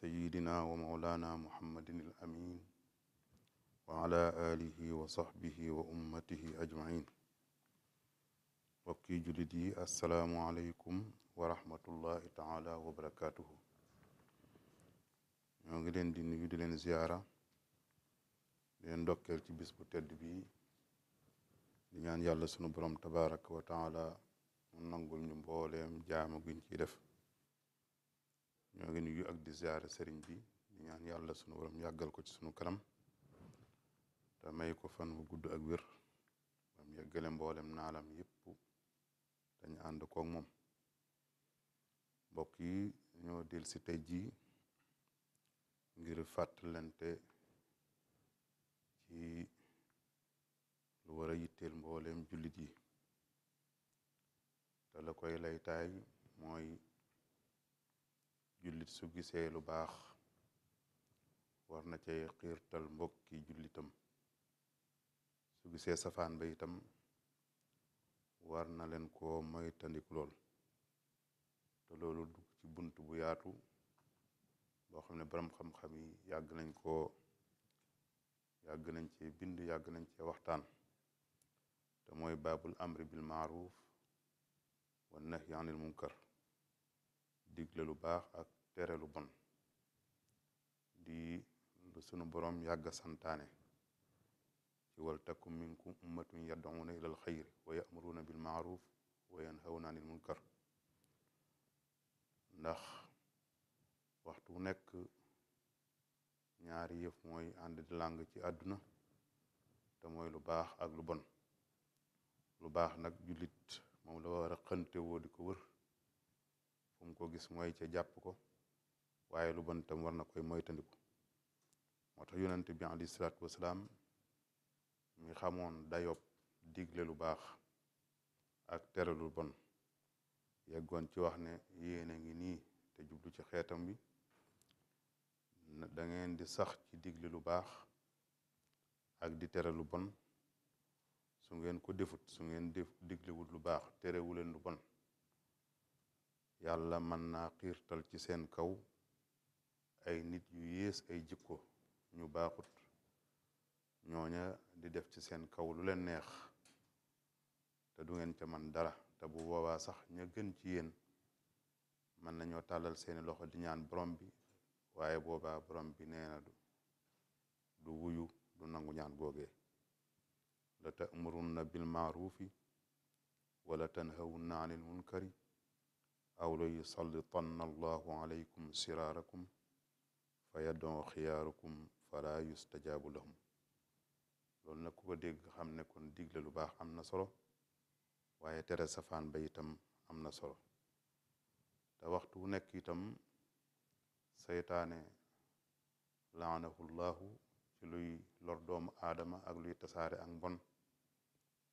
sayidina wa maulana muhammadin al amin wa ala alihi wa sahbihi wa ummatihi ajmain mbokki jullit yi assalaamu taala wa ñoo ngi leen di nuyu di leen ziyaara di leen ndokkeel ci bis bu tedd bi di ñaan yàlla sunu borom tabaraka wa taala mu nangul ñu mbooleem jaamu guñ def ñoo ngi nuyu ak di ziare sëriñ bi di ñaan yàlla sunu borom yàggal ko ci sunu kanam te may ko fan wu gudd ak wér bam mboolem naalam yépp dañu ànd koog moom mbokk yi ñoo del si tey jii ngir fàttalante ci lu war a yitteel mboolem jullit yi la koy laytaay mooy jullit su lu baax war na cay xiirtal mbokki jullitam su gisee safaan ba itam war na leen koo moytandik lool te loolu dugg ci bunt bu yaatu boo xam ne borom xam-xam yi yàgg nañ koo yàgg nañ ci bind yàgg nañ ci waxtaan te mooy babul amri bil maaruf wa nahyi anil munkar digle lu baax tere lu bon di lu sunu borom yàgg santaane ci wal takum minkum ummatun yad'una ilal xayri wa ya'muruna bil ma'ruf wa yanhawna anil munkar ndax waxtu wu nekk ñaari yëf mooy ànd di làng ci àdduna te mooy lu baax ak lu bon lu baax nag jullit moom la war a xëntewoo di ko wër fu ko gis mooy ci jàpp ko waaye lu bon tam war na koy moytandiku moo tax yonent bi alayhi salaatu wasalaam mi xamoon dayob digle lu baax ak tere lu bon yeggoon ci wax ne yéen a ngi nii te jublu ci xeetam bi da ngeen di sax ci digle lu baax ak di tere lu bon su ngeen ko defut su ngeen def lu baax terewuleen lu bon yàlla mën naa xiirtal ci seen kaw ay nit yu yées ay jikko ñu baaxut ñooña di def ci seen kaw lu leen neex te du ngeen ca man dara te bu boobaa sax ña gën ci yéen mën nañoo tàllal seeni loxo di ñaan borom bi waaye boobaa borom bi nee na du wuyu du nangu ñaan googee la ta'murunna bil maarufi wala tanhawunna anil munkari aw la yusallitanna allahu alaykum siraarakum fa yaddoo xiyaarukum fala yustajaabu lahum loolu nag ku ko dégg xam ne kon digle lu baax am na solo waaye tere safaan ba itam am na solo te waxtu nekk itam seytaane laanahullahu ci luy lor doomu aadama ak luy tasaare ak mbon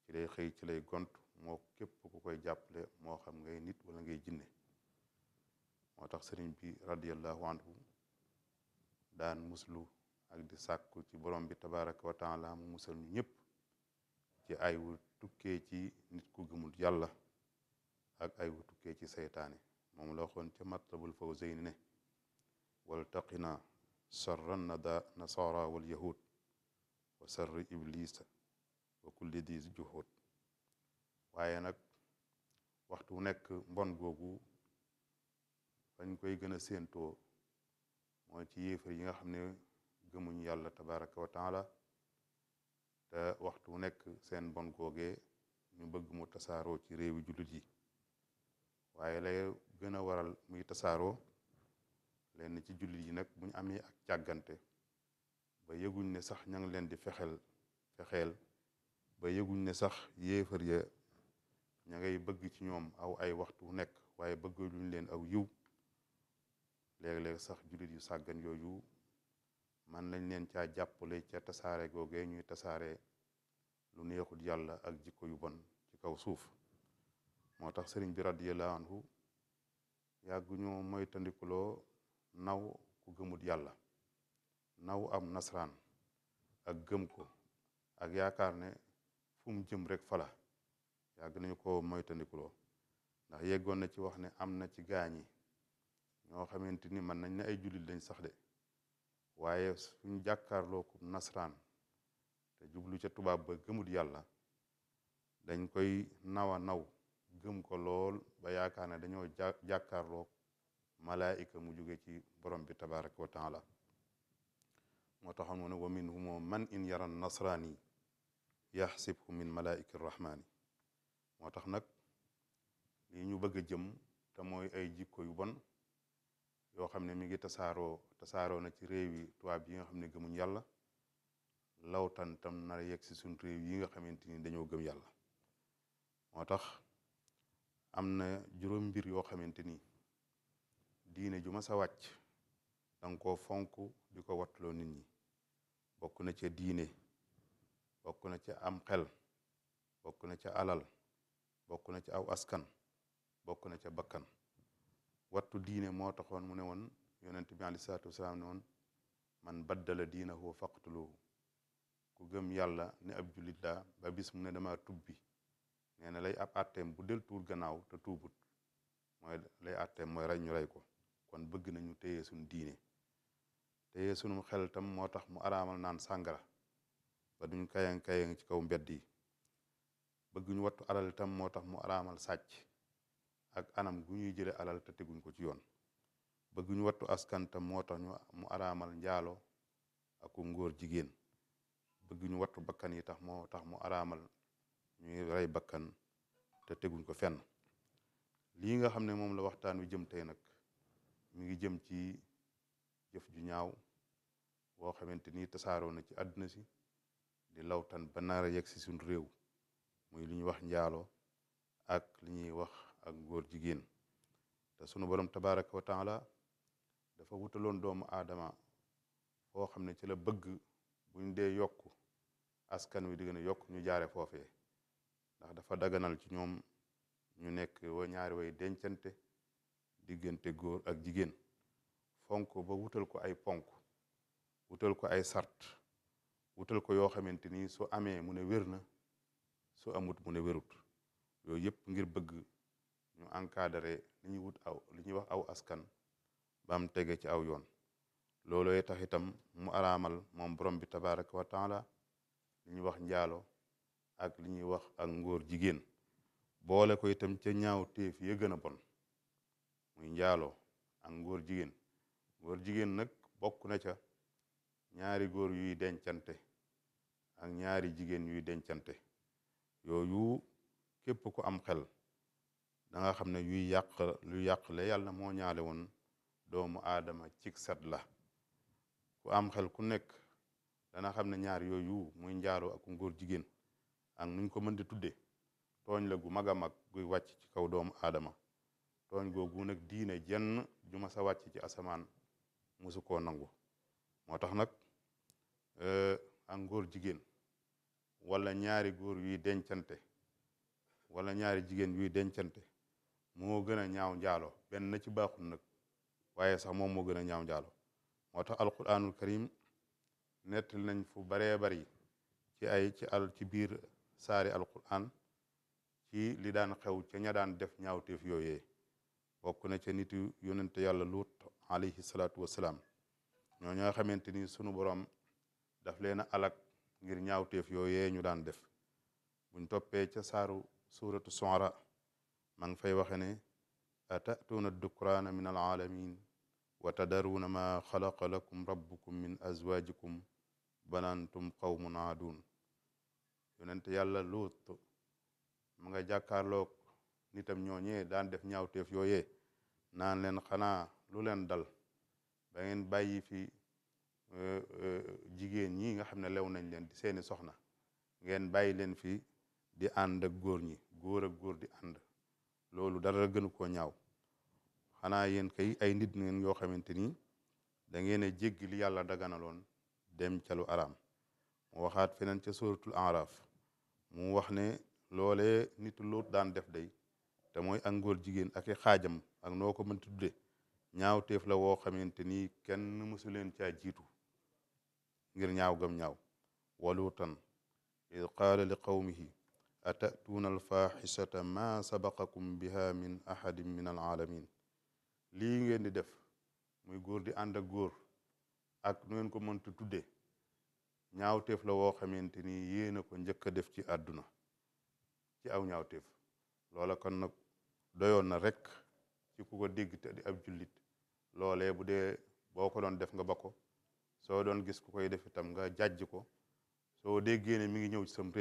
ci lay xëy ci lay gont moo képp ku koy jàppale moo xam nga nit wala ngay jinne moo tax sëriñ bi radiallahu anhu daan muslu ak di sàkku ci borom bi tabaraka wa taala mu musal ñu ñëpp ci ay wu tukkee nit ku gëmul yàlla ak ay wu tukkee ci seytaane moom la waxoon ca matlabul fawzayni ne waltaqina sarran nada nasara wal yahud wa sarri iblisa wa kulli di juhud waaye nag waxtu nekk mbon googu fañ koy gën a séentoo mooy ci yéefar yi nga xam ne gëmuñ yàlla tabaraka wa taala te waxtu nekk seen bon googee ñu bëgg mu tasaaroo ci réewi jullit yi waaye lay gën a waral muy tasaaroo lenn ci jullit yi nag buñ amee ak càggante ba yëguñ ne sax ña ngi leen di fexeel fexeel ba yëguñ ne sax yéefar ya ña ngay bëgg ci ñoom aw ay waxtu nekk waaye bëgg luñ leen aw yiw léeg-léeg sax jullit yu sàggan yooyu man lañ leen caa jàppale ca tasaare googee ñuy tasaare lu neexul yàlla ak jikko yu bon ci kaw suuf moo tax sëriñ bi radiyallahu anhu yàgg ñoo moytandikuloo naw ku gëmut yàlla naw am nasraan ak gëm ko ak yaakaar ne fum jëm rek fala yàgg nañu ko moytandikuloo ndax yeggoon na ci wax ne am na ci gaañi ñoo xamante ni mën nañ ne ay jullit dañ sax de waaye suñ jàkkaarloo nasraan te jublu ca tubaab ba gëmut yàlla dañ koy nawa naw gëm ko lool ba yaakaar ne dañoo jàkkaarloo malaayika mu jóge ci borom bi tabaraka wa taala moo taxam ne wa minhum man in yaran nasraani yaxsibhu min malaayika rahmaani moo tax nag li ñu bëgg a jëm te mooy ay jikko yu bon yoo xam ne mi ngi tasaaroo tasaaroo na ci réew yi tubaab yi nga xam ne gëmuñ yàlla lawtan tam nar a yegg si suñ réew yi nga xamante ni dañoo gëm yàlla moo tax am na juróom mbir yoo xamante ni diine ju mas a wàcc danga ko fonk di ko watloo nit ñi bokk na ca diine bokk na ci am xel bokk na ca alal bokk na ci aw askan bokk na ca bakkan wattu diine moo taxoon mu ne woon yonent bi alei salaatu wasalaam ne woon man baddala diinahu faqtuluhu ku gëm yàlla ne ab jullit laa ba bis mu ne dama tubbi nee na lay ab àtteem bu del tuur gannaaw te tuubut mooy lay àtteem mooy rey ñu rey ko kon bëgg nañu téye suñ diine téye suñum xel tam moo tax mu araamal naan sàngara ba duñ kayang kayang ci kaw mbedd yi bëgg ñu wattu alal tam moo tax mu araamal sàcc ak anam gu ñuy jële alal te teguñ ko ci yoon bëgg ñu wattu askanta moo tax mu araamal njaalo aku ngóor jigéen bëgg ñu wattu bakkan yi tax moo tax mu araamal ñuy rey bakkan te teguñ ko fenn lii nga xam ne moom la waxtaan wi jëm tey nag mi ngi jëm ci jëf ju ñaaw boo xamante ni tasaaroo na ci àdduna si di lawtan ba naar a yegg si suñ réew muy li ñuy wax njaalo ak li ñuy wax ak góor jigéen te sunu borom tabaraka wa taala dafa wutaloon doomu aadama foo xam ne ci la bëgg buñ dee yokk askan wi di a yokk ñu jaare foofee ndax dafa daganal ci ñoom ñu nekk wa ñaari way dencante diggante góor ak jigéen fonk ba wutal ko ay ponk wutal ko ay sart wutal ko yoo xamante ni soo amee mu ne wér na su amut mu ne wérut yooyu yëpp ngir bëgg ñu encadré li ñuy wut aw li ñuy wax aw askan bam tege ci aw yoon loolo loolooy tax itam mu araamal moom borom bi tabaraka wa taala li ñuy wax njaalo ak li ñuy wax ak ngóor jigéen boole ko itam ca ñaaw téef ya gën bon muy njaalo ak ngóor jigéen ngóor jigéen nag bokk na ca ñaari góor yuy dencante ak ñaari jigéen yuy dencante yooyu képp ku am xel da nga xam ne yuy yàq lu yàq le yàlla moo ñaale woon doomu aadama cig set la ku am xel ku nekk dana xam ne ñaar yooyu muy njaaloo ak ngóor jigéen ak nuñ ko mën di tuddee tooñ gu mag a mag guy wàcc ci kaw doomu aadama tooñ googu nag diine jenn ju ma sa wàcc ci asamaan musu koo nangu moo tax nag e, ak ngóor jigéen wala ñaari góor yuy dencante wala ñaari jigéen yuy dencante moo gën a ñaaw njaalo benn na ci baaxul nag waaye sax moom moo gën a ñaaw njaalo moo tax alquranul karim nettali nañ fu baree bari ci ay ci al ci biir saari alquran ci li daan xew ca ña daan def ñaawteef yooye bokk na ca nitu yonente yàlla luut alayhi salaatu wasalaam ñoo ñoo xamante ni sunu borom daf leen a alak ngir ñaawteef yooyee ñu daan def buñ toppee ca saaru suuratu sonra ma ngi fay waxe ne atatuuna dukraana min alaalamin wa tadaruuna ma xalaqa lakum rabbukum min azwajikum bal antum qawmun aadun yonent yàlla luut mu nga jàkkaarloog nitam ñooñee daan def ñaawte yooyee naan leen xanaa lu leen dal ba ngeen bàyyi fi e, e, jigéen ñi nga xam ne lew nañ leen di seeni soxna ngeen bàyyi leen fi di ànd ak góor ñi góor ak góor di ànd loolu dara gënu koo ñaaw xanaa yéen kay ay nit ngeen yoo xamante ni da ngeen a jéggi li yàlla daganaloon dem ca araam mu waxaat feneen ca suratul araf mu wax ne loolee nit loot daan def day te mooy ak ngóor jigéen ak xaajam ak noo ko mën tudde ñaaw teef la woo xamante ni kenn mësu leen caa jiitu ngir ñaaw gam ñaaw waluutan id qaala li atatuuna alfaxishata ma sabaqakum biha min ahadin min alaalamin lii ngeen di def muy góor di ànd ak góor ak nu ngeen ko mënta tudde ñaawteef la woo xamante ni yéen a ko njëkk a def ci àdduna ci aw ñaawteef loola kon nag doyoon na rek ci ku ko di ab jullit lole bu dee boo ko doon def nga ba ko soo doon gis ku koy def nga jàjj ko soo déggee ne mi ngi ñëw ci sam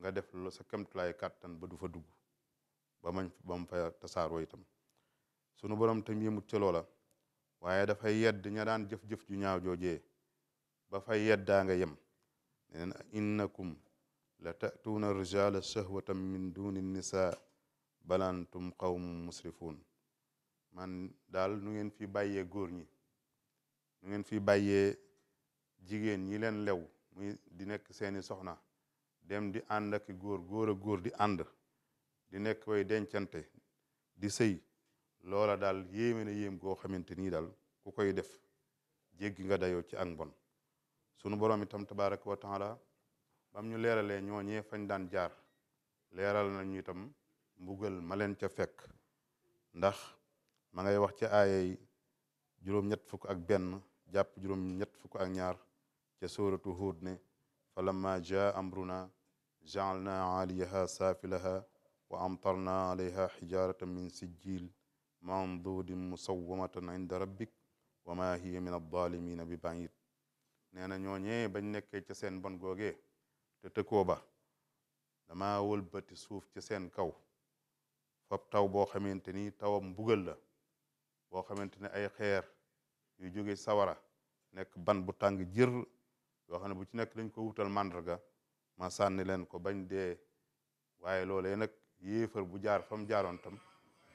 nga def lu sa kemtulaay kattan ba du fa dugg ba mañ ba mu fa tasaaroo itam sunu borom tam yëmut ca loola waaye dafay yedd ña daan jëf-jëf ju ñaaw jooje ba fa yeddaa nga yem neen innakum la ta'tuuna rijaala shahwatan min duni nisaa bal tum qawmun musrifuun man daal nu ngeen fi bàyyee góor ñi nu ngeen fi bàyyee jigéen ñi leen lew muy di nekk seeni soxna dem di ànd ak góor góor a góor di ànd di nekk way dencante di sëy loola daal yéeme na yéem goo xamante ni daal ku koy def jéggi nga dayoo ci ak mbon sunu borom itam tabaraka wa taala bam ñu leeralee ñooñee fañ daan jaar leeral na ñu itam mbugël ma leen ca fekk ndax ma ngay wax ci aayay juróom-ñett fukk ak jàpp juróom fukk ak ñaar ca sóoratu Huud ne fa lamma jaa amruna jaalna aaliyaha saafilaha wa amtarna alayha xijaaratan min sijjil mandudin musawamatan inda rabbik wa ma hiya min addalimina bi baid nee na ñooñee bañ nekkee ca seen bon googee te tëkkoo ba dama suuf ci seen kaw fab taw boo xamante ni tawam mbugal la boo xamante ne ay xeer yu jóge sawara nekk ban bu tàng jër yoo xam ne bu ci nekk dañ ko wutal ga ma sànni leen ko bañ dee waaye loolee nag yéefar bu jaar fa mu jaaroon tam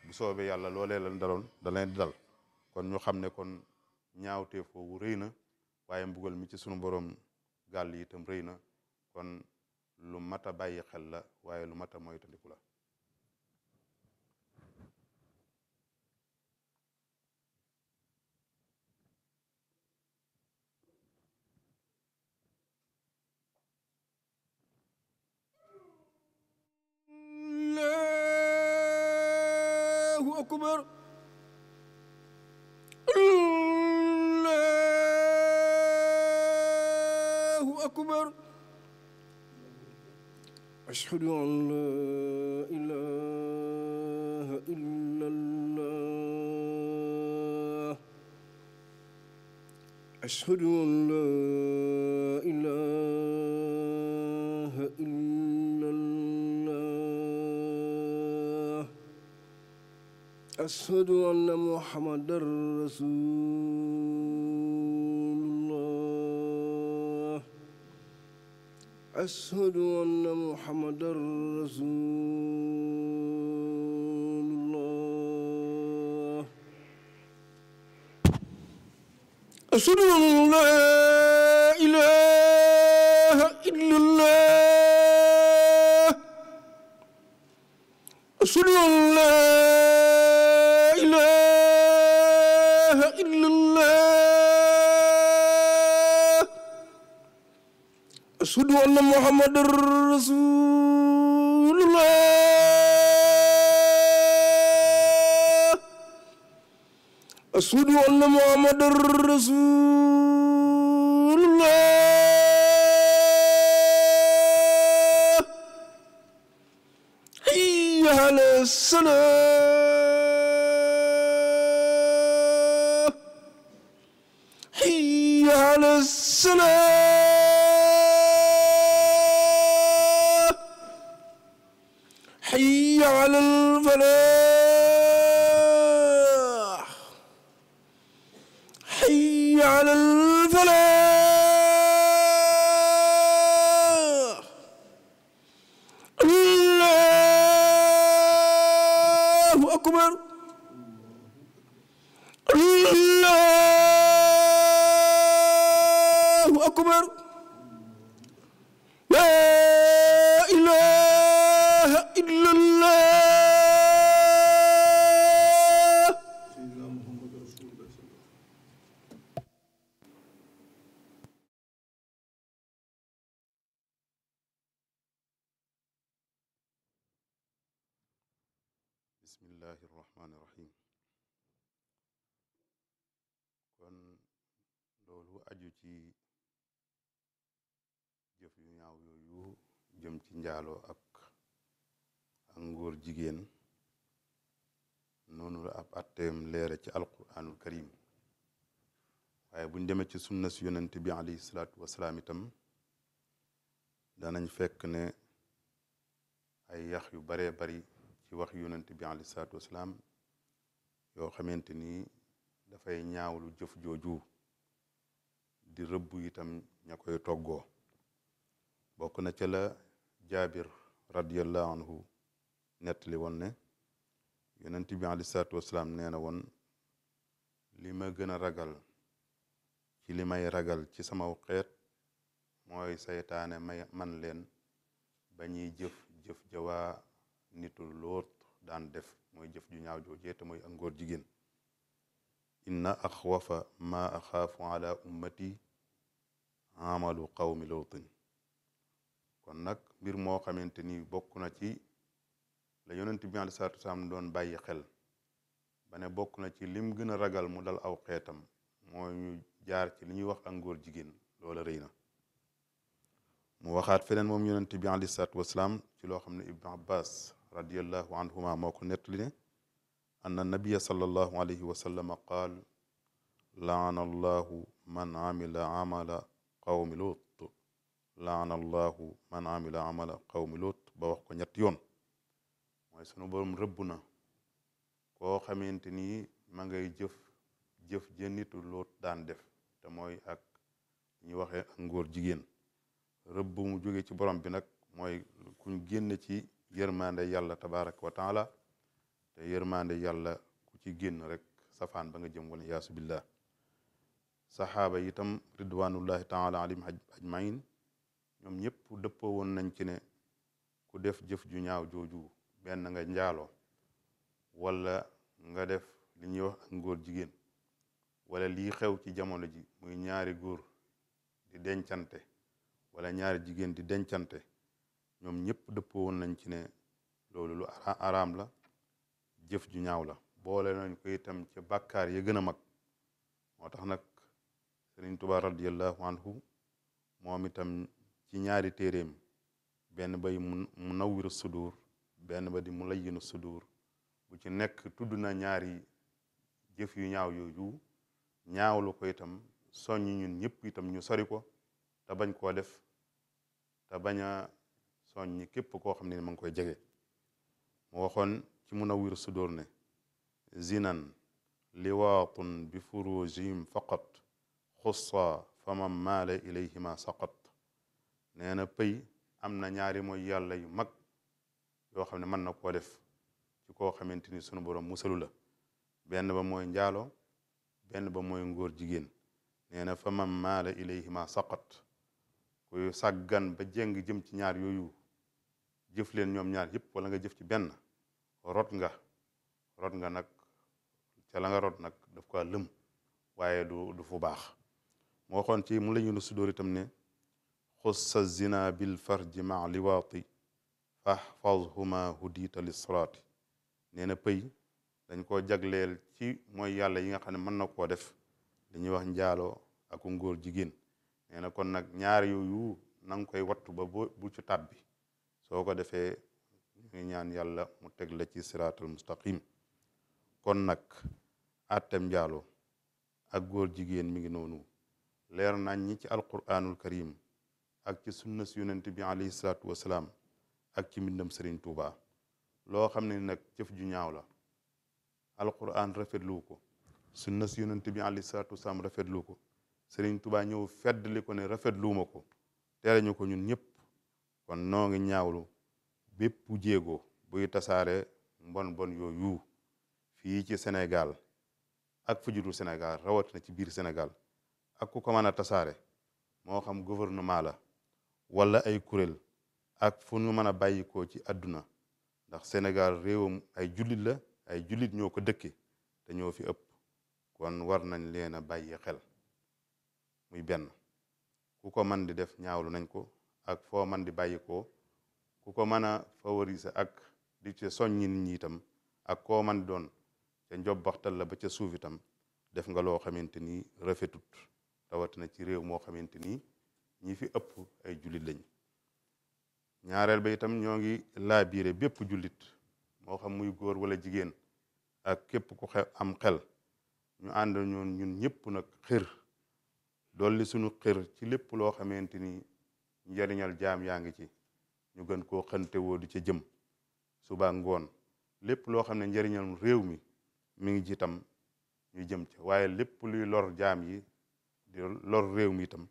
bu soobee yàlla loolee lan daloon da leen dal kon ñu xam ne kon ñaawte foofu rëy na waaye mbugal mi ci sunu borom gàll itam rëy na kon lu mat a bàyyi xel la waaye lu mat a moytandiku la allahu akbar allahu akbar ashhadu an la ilaha illa allah ashhadu an la ilaha واشهد ان محمدا رسول الله اشهد ان محمدا رسول الله اشهد ان لا اله الا الله اشهد ان لا ann muhammadu rasulullah ashhadu anna muhammadu rasulullah hayya ala salam bismillahi irrahmani irrahim kon loolu aju ci jëf yu ñaaw yu jëm ci njaaloo ak ak ngóor jigéen noonu la ab atteem leere ci alquranul karim waaye buñ demee ci sunna si yonent bi alayhi salaatu wasalaam itam danañ fekk ne ay yax yu baree bari ci wax yonent bi aleyhi salaatu wasalaam yoo xamante ni dafay ñaawlu jëf jooju di rëbb itam ña koy toggoo bokk na ca la jaabir radiallahu anhu nettali woon ne yonent bi aleyhi salaatu wasalaam nee na woon li gën a ragal ci li may ragal ci sama xeet mooy seytaane may man leen ba jëf jëf jawaa nitu Lóot daan def mooy jëf ju ñaaw joojee te mooy ak ngóor jigéen inna axwafa ma axaafu ala ummati amalu qawmi lootin kon nag mbir moo xamante ni bokk na ci la yonent bi aleyhi salaatu doon bàyyi xel bane bokk na ci lim gën a ragal mu dal aw xeetam mooy ñu jaar ci li ñuy wax ak ngóor jigéen loola rëy na mu waxaat feneen moom yonent bi aleyhi salaatu wasalaam ci loo xam ne ibnu abbas radiallahu anhuma moo ko nettali ne anna nabia sallallahu alayhi wa sallam qaal allahu man amila amala qawmi lut laana allahu man amila amala qawmi lut ba wax ko yoon mooy sunu borom rëbb na koo xamante ni ma ngay jëf jëf jënnitu loot daan def te mooy ak ñu waxee ak jigéen rëbb mu ci borom bi nag mooy kuñ génn ci yërmande yàlla tabaraka wa taala te yërmande yàlla ku ci génn rek safaan ba nga jëm wala yaasu billah saxaaba itam ridwanullahi taala alim ajmain ñoom ñëpp dëppoo woon nañ ci ne ku def jëf ju ñaaw jooju benn nga njaaloo wala nga def li ñuy wax ak ngóor jigéen wala lii xew ci jamono ji muy ñaari góor di dencante wala ñaari jigéen di dencante ñoom ñëpp dëppoo woon nañ ci ne loolu lu araam la jëf ju ñaaw la boole nañ ko itam ca bàkkaar ya gën a mag moo tax nag sëriñ Tuubaa radiallahu anhu moom itam ci ñaari téereem benn bay mu nawwiru sudur benn ba di mu layyinu sudur bu ci nekk tudd na ñaari jëf yu ñaaw yooyu ñaawlu ko itam soññ ñun ñëpp itam ñu sori ko te bañ koo def te bañ soññi képp koo xam ne ma ngi koy jege mu waxoon ci Munawwir Sudur ne zinan liwaatun bi furujihim faqat xussa fa man maala ilayhima saqat nee na pëy am na ñaari mooy yàlla yu mag yoo xam ne mën na koo def ci koo xamante ni sunu borom mu la benn ba mooy njaalo benn ba mooy ngóor jigéen nee na fa man maala ilayhima saqat kuy sàggan ba jéng jëm ci ñaar yooyu jëf leen ñoom ñaar yëpp wala nga jëf ci benn rot nga rot nga nag ca rot nag daf ko lëm waaye du du baax mu waxoon ci mu la ñu su itam ne xussa zina bil farji ma liwaati fahfazhuma hudita lissalaati nee na pëy dañ ko jagleel ci mooy yàlla yi nga xam ne mën na koo def li wax njaaloo ak ngóor jigéen nee na kon nag ñaar yooyu na koy wattu ba bu ci tàbbi soo ko defee ñu ñaan yàlla mu teg la ci siraatal mustaqim kon nag àttem njaaloo ak góor jigéen mi ngi noonu leer na ñi ci alquranul karim ak ci sunna si yonent bi alayhi salaatu wasalaam ak ci mbindam sëriñ tuuba loo xam ne nag jëf ju ñaaw la alquran rafetlu ko sunna si yonent bi alayhi salaatu wasalaam rafetlu ko sëriñ tuuba ñëw fedd li ko ne ma ko tere ñu ko ñun ñëpp kon noo ngi ñaawlu bépp jéego buy tasaare mbon bon yooyu fii ci Sénégal ak fu judul Sénégal rawatina ci biir Sénégal ak ku ko mën a tasaare moo xam gouvernement la wala ay kuréel ak fu ñu mën a bàyyikoo ci àdduna ndax Sénégal réewam ay julit la ay julit ñoo ko dëkke te ñoo fi ëpp kon war nañ leen a bàyyi xel muy benn ku ko man di def ñaawlu nañ ko ak foo man di bàyyi ko ku ko mën a favoriser ak di ci soññi nit ak ko man doon ca njob baxtal la ba ca suuf itam def nga loo xamante ni rafetut rawatina ci réew moo xamante ni ñi fi ëpp ay jullit lañ ñaareel ba itam ñoo ngi laabiire bépp jullit moo xam muy góor wala jigéen ak képp ku am xel ñu ànd ñoon ñun ñëpp nag xir dolli suñu xir ci lépp loo xamante ni njariñal jaam yaa ngi ci ñu gën koo xante woo di ca jëm suba ngoon lépp loo xam ne njariñal réew mi mi ngi ci ñu jëm ca waaye lépp luy lor jaam yi di lor réew mi itam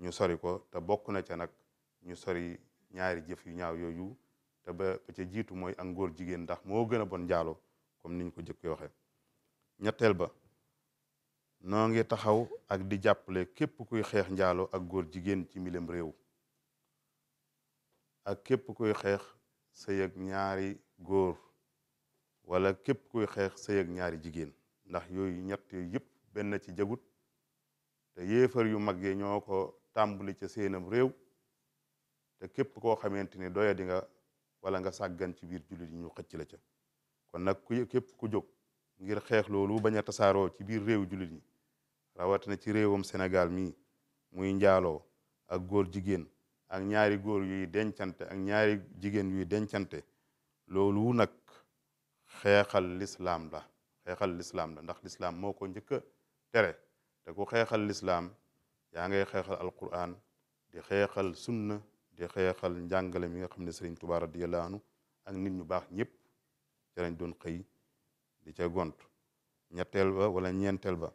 ñu sori ko te bokk na ca nag ñu sori ñaari jëf yu ñaaw yooyu te ba ca jiitu mooy a ngóor jigéen ndax moo gën a bon njaalo comme niñ ko jëkkee waxee ñetteel ba noo ngi taxaw ak di jàppale képp kuy xeex njaalo ak góor jigéen ci milem réew ak képp kuy xeex sëy ñaari góor wala képp kuy xeex sëy ñaari jigéen ndax yooyu ñett yooyu yëpp benn ci jagut te yéefar yu mag yi ñoo ko tàmbali ca seenam réew te képp koo xamante ni doya di nga wala nga sàggan ci biir jullit yi ñu xëcc la ca kon nag ku képp ku jog ngir xeex loolu bañ a tasaaroo ci biir réew jullit ñi rawatina ci réewam Sénégal mii muy njaaloo ak góor jigéen ak ñaari góor yuy dencante ak ñaari jigéen yuy dencante loolu nag xeexal lislaam la xeexal lislaam la ndax lislaam moo ko njëkk a tere te ku xeexal lislaam yaa ngay xeexal alquran di xeexal sunna di xeexal njàngale mi nga xam ne sëriñ Tuubaa radiyallaahu anhu ak nit ñu baax ñëpp ca lañ xëy di ca gont ñetteel ba wala ñeenteel ba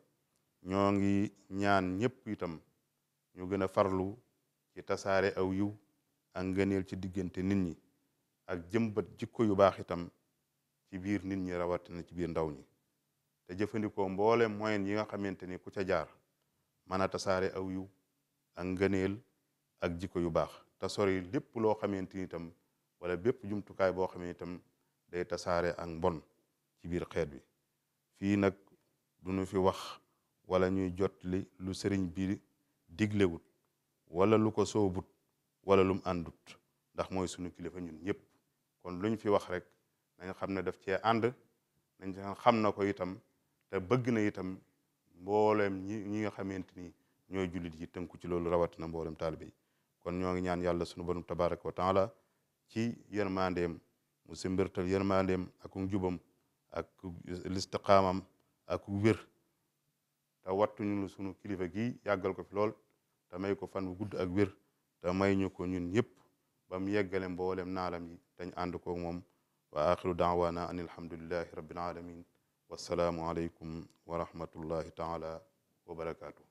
ñoo ngi ñaan ñëpp itam ñu gën a farlu ci tasaare aw yiw ak ci diggante nit ñi ak jëmbat jikko yu baax itam ci biir nit ñi rawatina ci biir ndaw ñi te jëfandikoo mboole moyen yi nga xamante ni ku ca jaar mën a tasaare aw yiw ak ngëneel ak jikko yu baax te sori lépp loo xamante ni itam wala bépp jumtukaay boo xam ne itam day tasaare ak mbon ci biir xeet bi fii nag duñu fi wax wala ñuy jot lu sëriñ bi diglewut wala lu ko soobut wala lum àndut ndax mooy sunu kilifa ñun ñëpp kon luñ fi wax rek nañ xam ne daf cee ànd nañ xam na ko itam te bëgg na itam mbooleem ñi ñi nga xamante ni ñooy jullit yi tënku ci loolu rawatina mboolem taalibe yi kon ñoo ngi ñaan yàlla sunu borom tabaraka wa taala ci yërmandeem mu simbirtal yërmandeem ak njubam ak listiqaamam ak wér te wattuñu sunu kilifa gi yàggal ko fi lool te ko fan wu gudd ak wér te may ko ñun ñëpp ba mu yeggale mboolem naalam yi dañ ànd ko moom wa axiru daawaana an alhamdulillahi rabbil alamin wassalaamu aleykum wa rahmatullahi taala wa barakaatu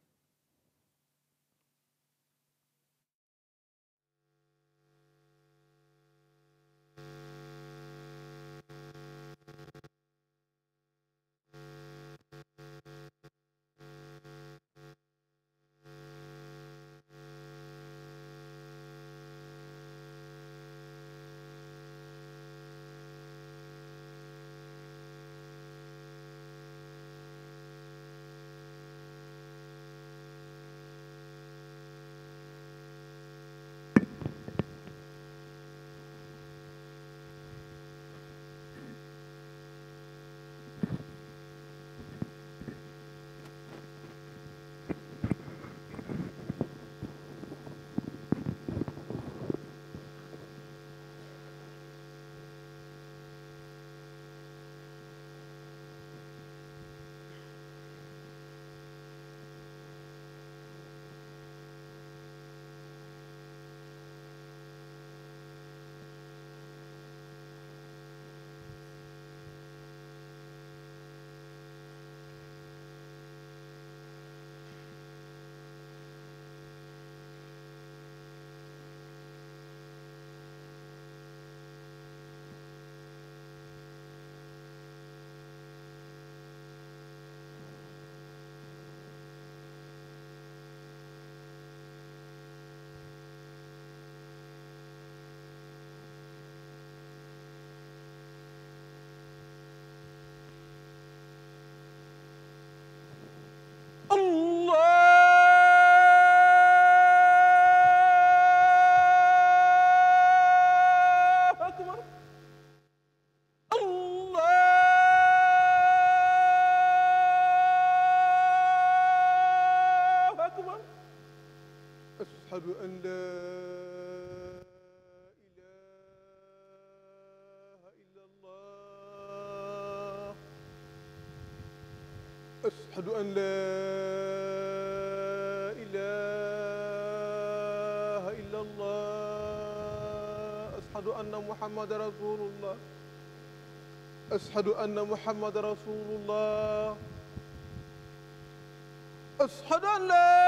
ashhadu an laa ilaaha illallaah ashhadu anna muhammadan rasuulullaah ashhadu anna muhammadan rasuulullaah ashhadu an laa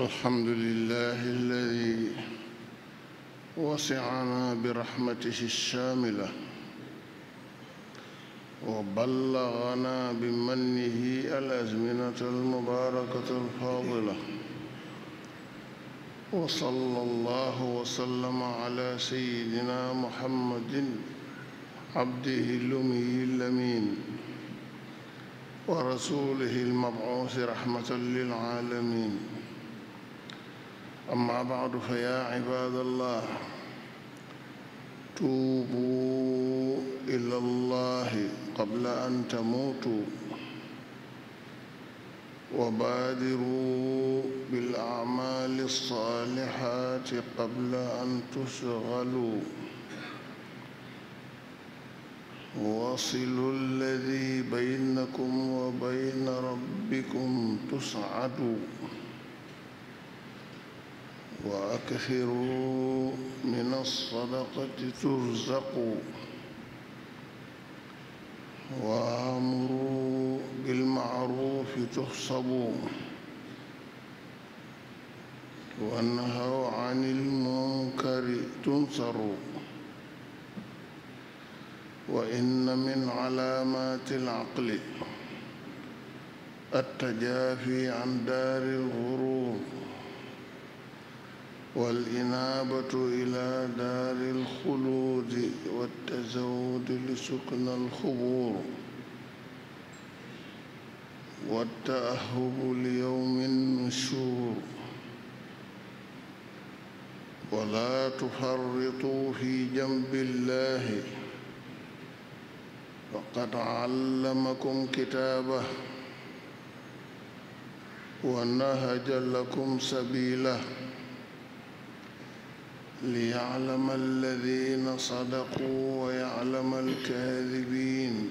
الحمد لله الذي وسعنا برحمته الشاملة وبلغنا بمنه الأزمنة المباركة الفاضلة وصلى الله وسلم على سيدنا محمد عبده الأمي الأمين ورسوله المبعوث رحمة للعالمين أما بعد فيا عباد الله توبوا إلى الله قبل أن تموتوا وبادروا بالأعمال الصالحات قبل أن تشغلوا واصلوا الذي بينكم وبين ربكم تسعدوا وأكثروا من الصدقة ترزقوا وآمروا بالمعروف تحصبوا وانهوا عن المنكر تنصروا وإن من علامات العقل التجافي عن دار الغرور والإنابة إلى دار الخلود والتزود لسكن الخبور والتأهب ليوم النشور ولا تفرطوا في جنب الله فقد علمكم كتابه ونهج لكم سبيله ليعلم الذين صدقوا ويعلم الكاذبين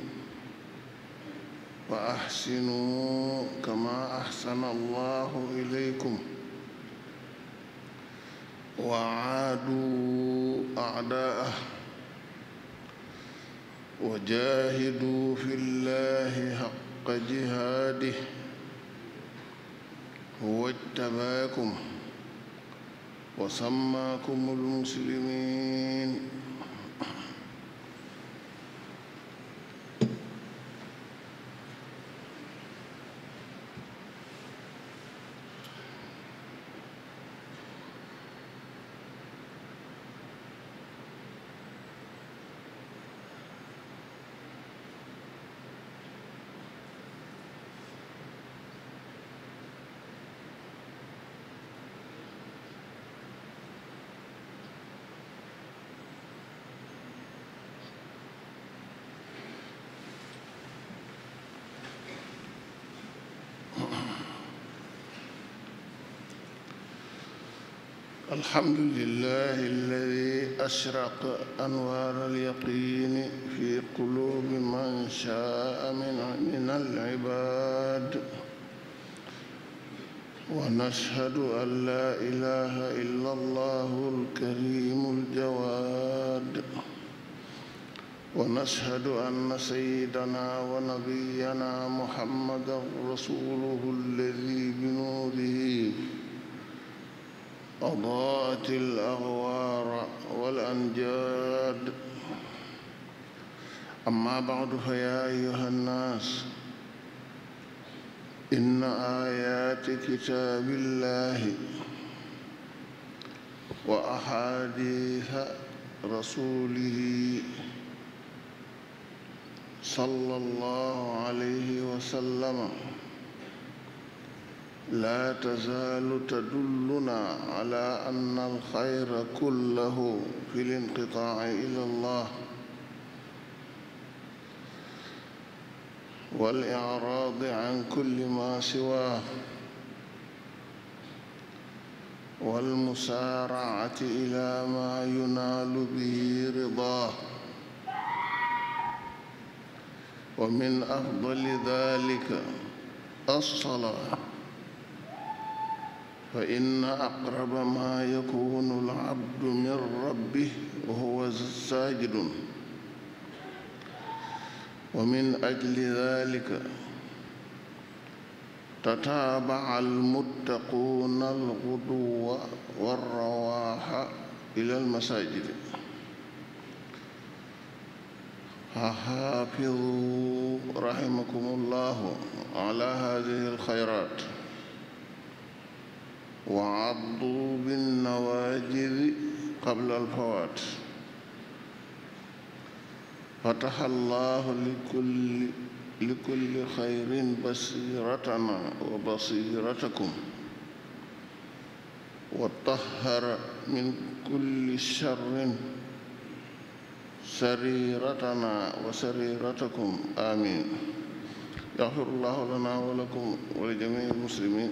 وأحسنوا كما أحسن الله إليكم وعادوا أعداءه وجاهدوا في الله حق جهاده هو اجتباكم وسماكم المسلمين الحمد لله الذي أشرق أنوار اليقين في قلوب من شاء من من العباد ونشهد أن لا إله إلا الله الكريم الجواد ونشهد أن سيدنا ونبينا محمدا رسوله الذي بنوره أضاءت الأغوار والأنجاد أما بعد فيا أيها الناس إن آيات كتاب الله وأحاديث رسوله صلى الله عليه وسلم لا تزال تدلنا على أن الخير كله في الانقطاع إلى الله والإعراض عن كل ما سواه والمسارعة إلى ما ينال به رضاه ومن أفضل ذلك الصلاة فإن أقرب ما يكون العبد من ربه هو ساجد ومن أجل ذلك تتابع المتقون الغدو والرواح إلى المساجد حافظوا رحمكم الله على هذه الخيرات وعضوا بالنواجذ قبل الفوات فتح الله لكل لكل خير بصيرتنا وبصيرتكم وطهر من كل شر سريرتنا وسريرتكم آمين يغفر الله لنا ولكم ولجميع المسلمين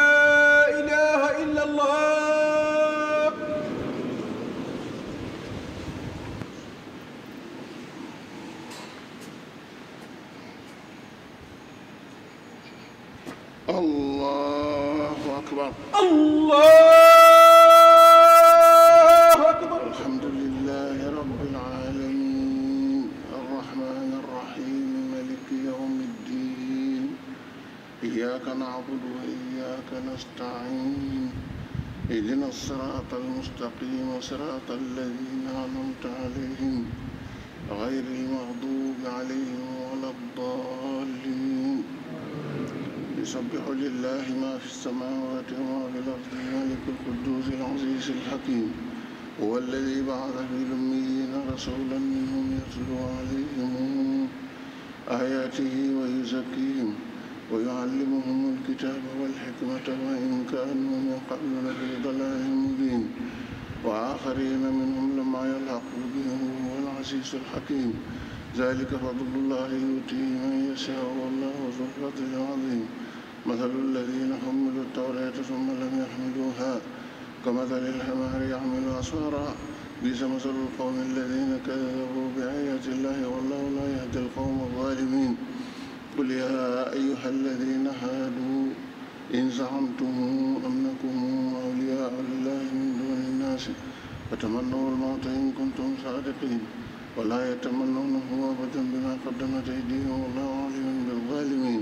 السماوات وما في الأرض الملك القدوس العزيز الحكيم هو الذي بعث في الأميين رسولا منهم يتلو عليهم آياته ويزكيهم ويعلمهم الكتاب والحكمة وإن كانوا من قبل لفي ضلال مبين وآخرين منهم لما يلحقوا بهم هو العزيز الحكيم ذلك فضل الله يؤتيه من يشاء والله ذو الفضل العظيم مثل الذين حملوا التوراة ثم لم يحملوها كمثل الحمار يحمل أسفارا بئس مثل القوم الذين كذبوا بآيات الله والله لا يهدي القوم الظالمين قل يا أيها الذين هادوا إن زعمتم أنكم أولياء لله من دون الناس فتمنوا الموت إن كنتم صادقين ولا يتمنونه أبدا بما قدمت أيديهم والله عليم بالظالمين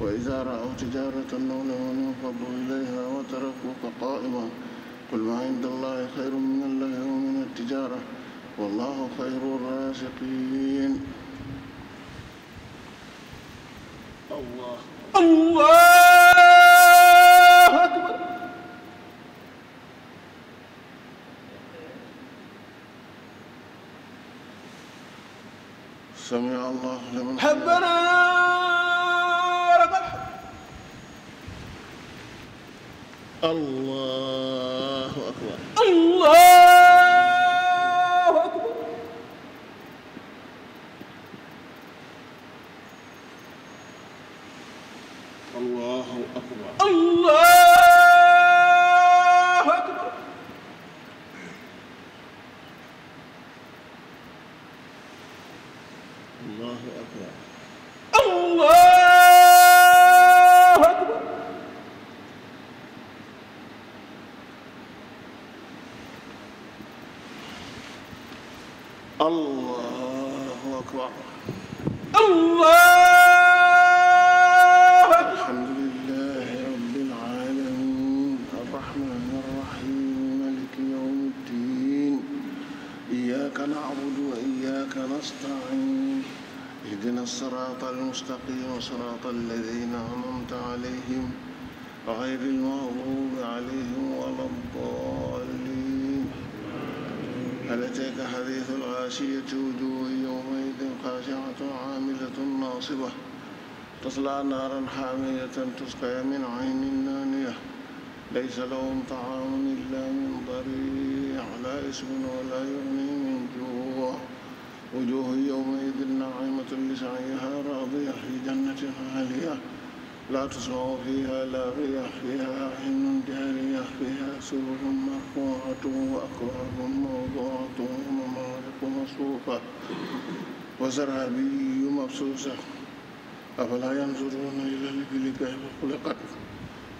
وإذا رأوا تجارة أو لهوا انفضوا إليها وتركوك قائما قل ما عند الله خير من الله ومن التجارة والله خير الرازقين الله الله أكبر سمع الله لمن حبنا الله أكبر الله ليس لهم طعام إلا من ضريع لا يسمن ولا يغني من جوع وجوه يومئذ ناعمة لسعيها راضية في جنة عالية لا تسمع فيها لاغية فيها عين جارية فيها سرر مرفوعة وأكواب موضوعة وممالك مصفوفة وزرابي مبسوسة أفلا ينظرون إلى الإبل كيف خلقت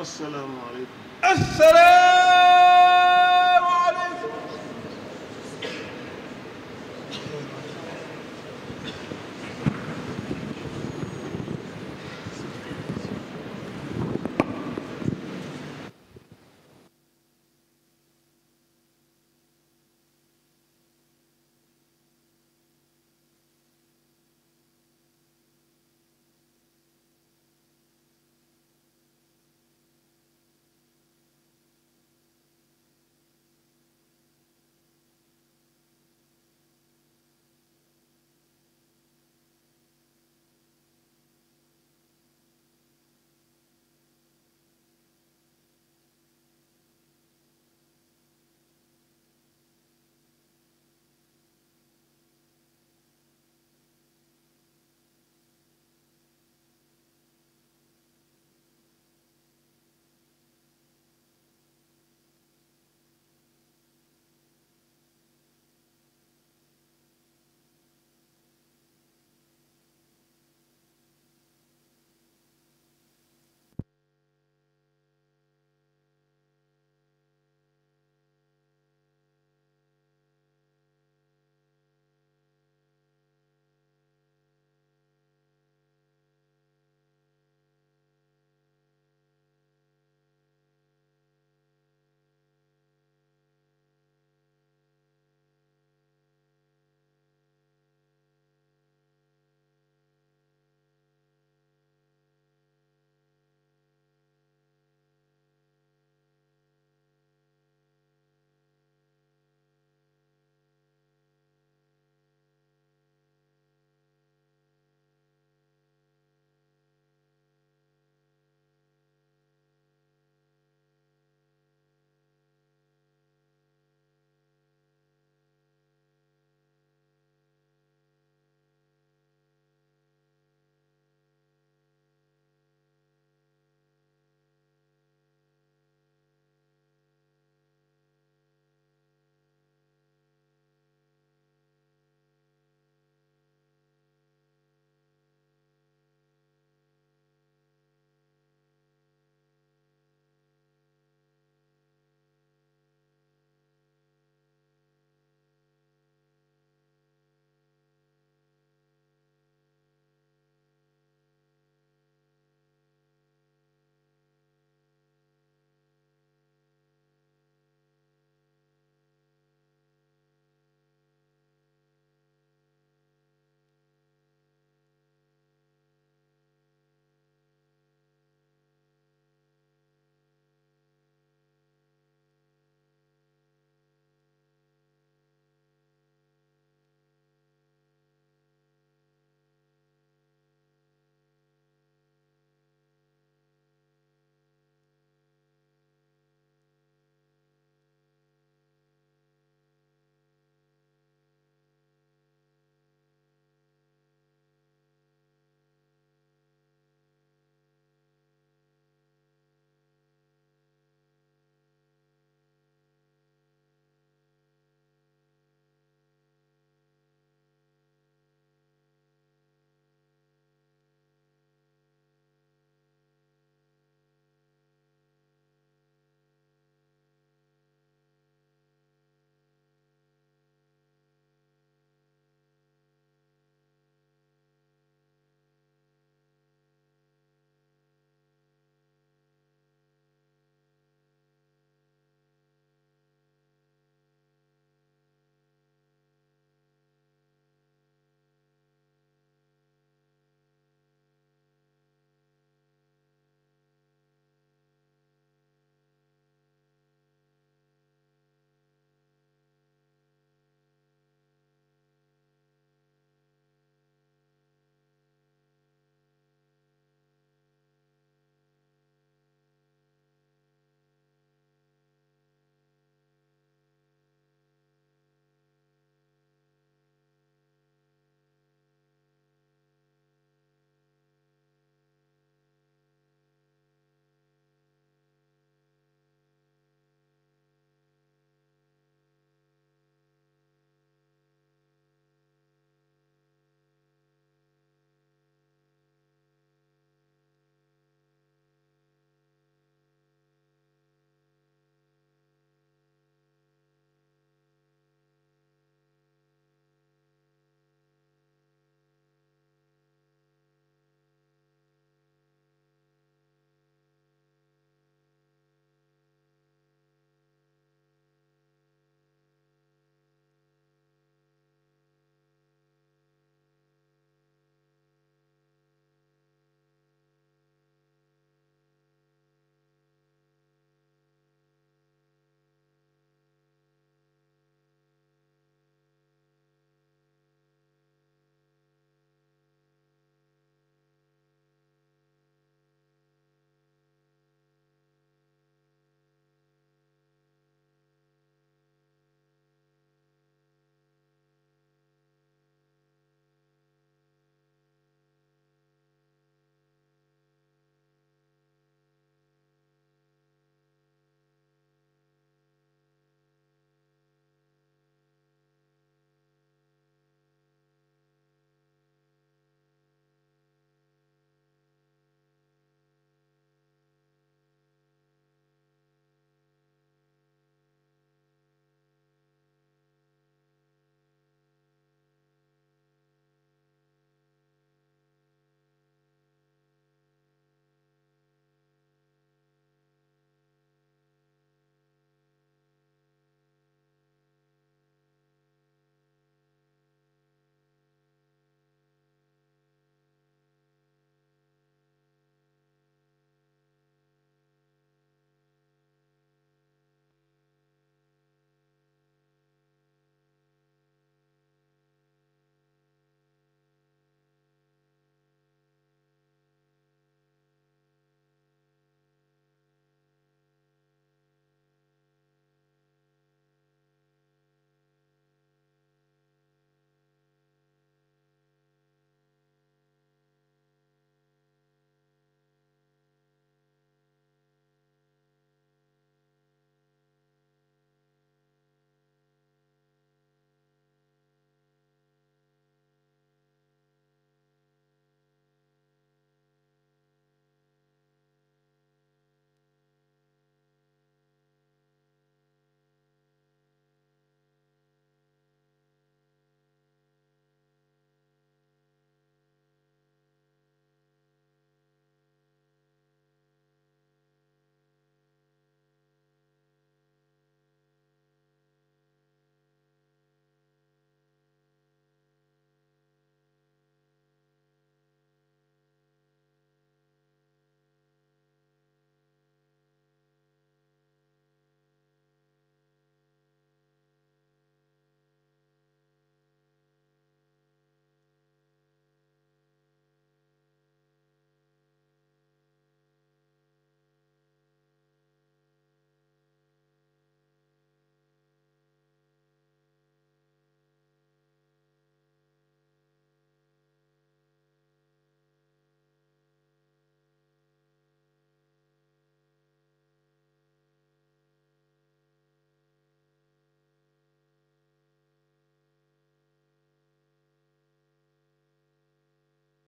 asalaamaaleykum. asalaamaaleykum.